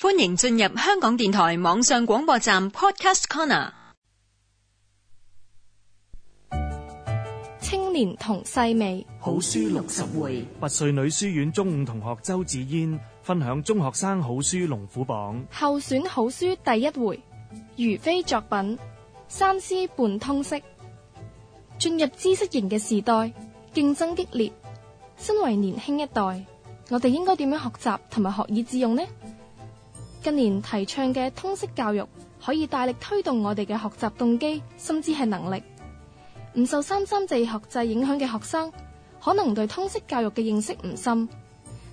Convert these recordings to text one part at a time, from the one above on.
歡迎進入香港電台網上廣播站 Podcast Corner。青年同細味好書六十回。拔萃女書院中五同學周祉嫣分享中學生好書龍虎榜候選好書第一回。余非作品 3C 拌通識。進入知識型嘅時代，競爭激烈。身為年輕一代，我哋應該點樣學習同埋學以致用呢？近年提倡嘅通識教育可以大力推動我哋嘅學習動機，甚至係能力。唔受三三四學制影響嘅學生，可能對通識教育嘅認識唔深。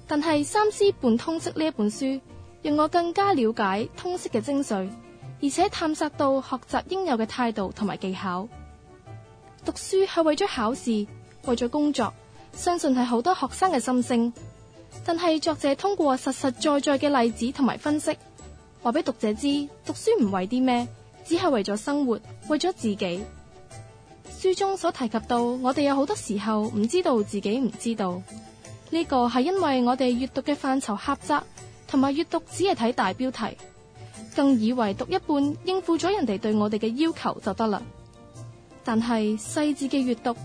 但係《3C 拌通識》呢一本書，讓我更加了解通識嘅精髓，而且探索到學習應有嘅態度同埋技巧。讀書係為咗考試，為咗工作，相信係好多學生嘅心聲。但係作者通過實實在在嘅例子同埋分析，話俾讀者知讀書唔為啲咩，只係為咗生活，為咗自己。書中所提及到，我哋有好多時候唔知道自己唔知道呢個係因為我哋閱讀嘅範疇狹窄，同埋閱讀只係睇大標題，更以為讀一半應付咗人哋對我哋嘅要求就得啦。但係細緻嘅閱讀、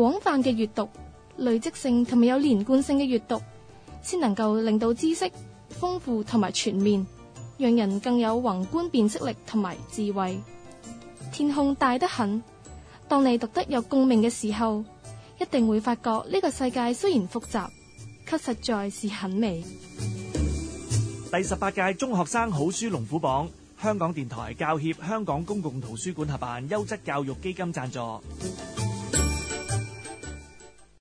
廣泛嘅閱讀、累積性同埋有連貫性嘅閱讀。先能夠令到知識豐富同埋全面，讓人更有宏觀辨識力同埋智慧。天空大得很，當你讀得有共鳴嘅時候，一定會發覺呢個世界雖然複雜，卻實在是很美。第十八屆中學生好書龍虎榜，香港電台教協、香港公共圖書館合辦，優質教育基金贊助。